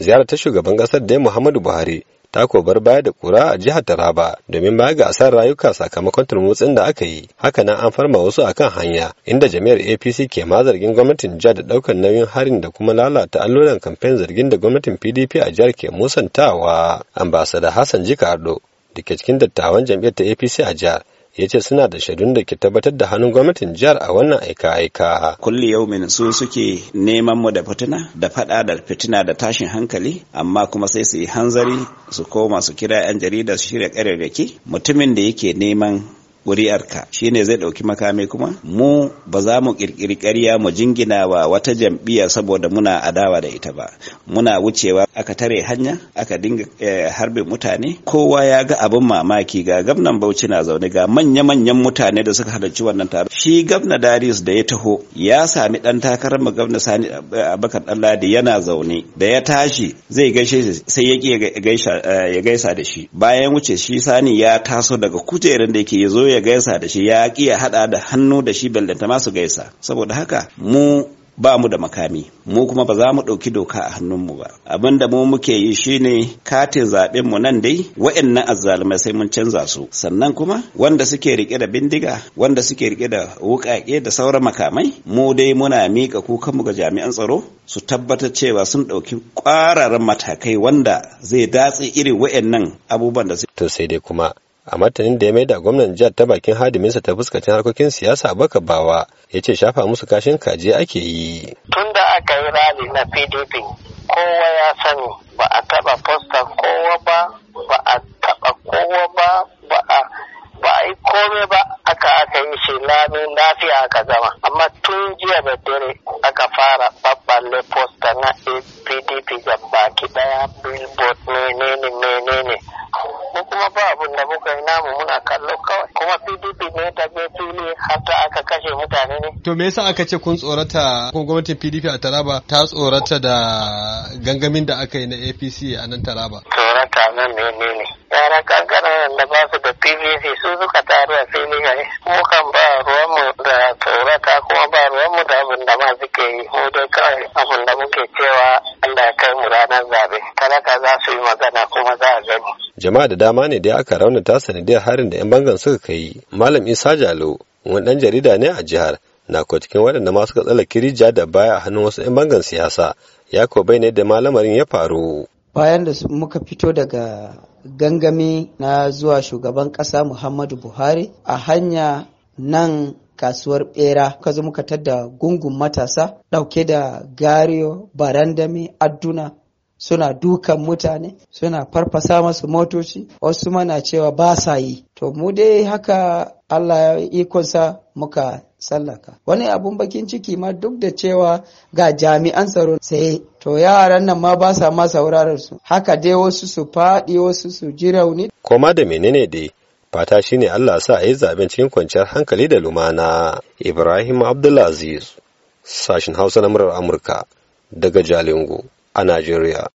ziyarar ta shugaban kasar dai muhammadu buhari ta kobar baya da kura a jihar Taraba domin baya ga asar rayuka sakamakon turmutsin da aka yi. haka nan an farma wasu akan hanya inda jami'ar APC ke ma zargin gwamnatin jihar da daukar nauyin harin da kuma lalata alluran kamfen zargin da gwamnatin PDP a jihar ke musantawa. Ambasada Hassan Jikardo da ke cikin dattawan jam'iyyar ta APC a jihar ya ce suna da shaidun da ke tabbatar da hannun gwamnatin jihar a wannan aika-aika. Kulli yaumin su suke neman mu da fitina da fada da fitina da tashin hankali amma kuma sai su yi hanzari su koma su kira 'yan jarida su shirya ƙararraki mutumin da yake neman ƙuri'arka shine zai ɗauki makami kuma mu ba za mu ƙirƙiri ƙarya mu jingina wa wata jam'iyya saboda muna adawa da ita ba muna wucewa aka tare hanya aka dinga eh, harbin mutane kowa ya ga abin mamaki ga gwamnan bauchi na zaune ga manya-manyan mutane da suka halarci wannan taro shi gwamna darius da ya taho ya sami ɗan takarar mu gwamna sani abubakar ɗanladi yana zaune da ya tashi zai gaishe sai ya eh, ya gaisa da shi bayan wuce shi sani ya taso daga kujerar da yake ya ya gaisa da shi ya ki ya hada da hannu da shi bellanta ta su gaisa saboda haka mu ba mu da makami mu kuma ba za mu ɗauki doka a hannun mu ba abin da mu muke yi shine katin zaɓen mu nan dai wa'annan azzalumai sai mun canza su sannan kuma wanda suke rike da bindiga wanda suke rike da wuƙaƙe da sauran makamai mu dai muna miƙa mu ga jami'an tsaro su tabbatar cewa sun ɗauki ƙwararren matakai wanda zai datse irin wa'annan abubuwan da to sai dai kuma a martanin da ya da gwamnan jihar ta bakin hadiminsa ta fuskacin harkokin siyasa baka bawa ya ce shafa musu kashin kaji ake yi Tunda aka yi rali na pdp kowa ya sani ba a taba fostan kowa ba ba a taba kowa ba ba a yi kome ba aka aka yi shi lami lafiya aka zama amma tun jiya da dare aka fara babban posta na pdp ga baki daya billboard ne ne kai namu muna kallo kawai kuma pdp ne ta je fili ta aka kashe mutane ne to me yasa aka ce kun tsorata ko gwamnatin pdp a taraba ta tsorata da gangamin da aka yi na apc a nan taraba tsorata nan ne ne yara kankanan da ba su da pdp su suka taru a fili ne mu kan ba ruwanmu da tsorata kuma ba ruwanmu da abin da ma suke yi mu dai kawai abin da muke cewa Allah ya kai mu ranar zabe talaka za su yi magana kuma za a gani. Jama'a da dama ne dai aka raunata sanadiyar harin da 'yan bangan suka kai. Malam Isa Jalo, wani ɗan jarida ne a jihar, na ko cikin waɗanda ma suka tsala kirija da baya a hannun wasu 'yan bangan siyasa. Ya ko bai ne da malamarin ya faru. Bayan da muka fito daga gangami na zuwa shugaban ƙasa Muhammadu Buhari a hanya nan kasuwar bera ka zo muka tadda gungun matasa ɗauke da gariyo barandami adduna suna dukan mutane suna farfasa masu motoci wasu mana cewa ba sa yi to mu dai haka Allah ya ikonsa muka sallaka wani abun bakin ciki ma duk da cewa ga jami'an tsaro sai to yaran nan ma ba sa ma sauraron su haka dai wasu su faɗi wasu su ji rauni koma da menene dai fata shine Allah sa ayi yi zaben cikin kwanciyar hankali da lumana Ibrahim Abdulaziz sashin Hausa na murar Amurka daga Jalingo a Najeriya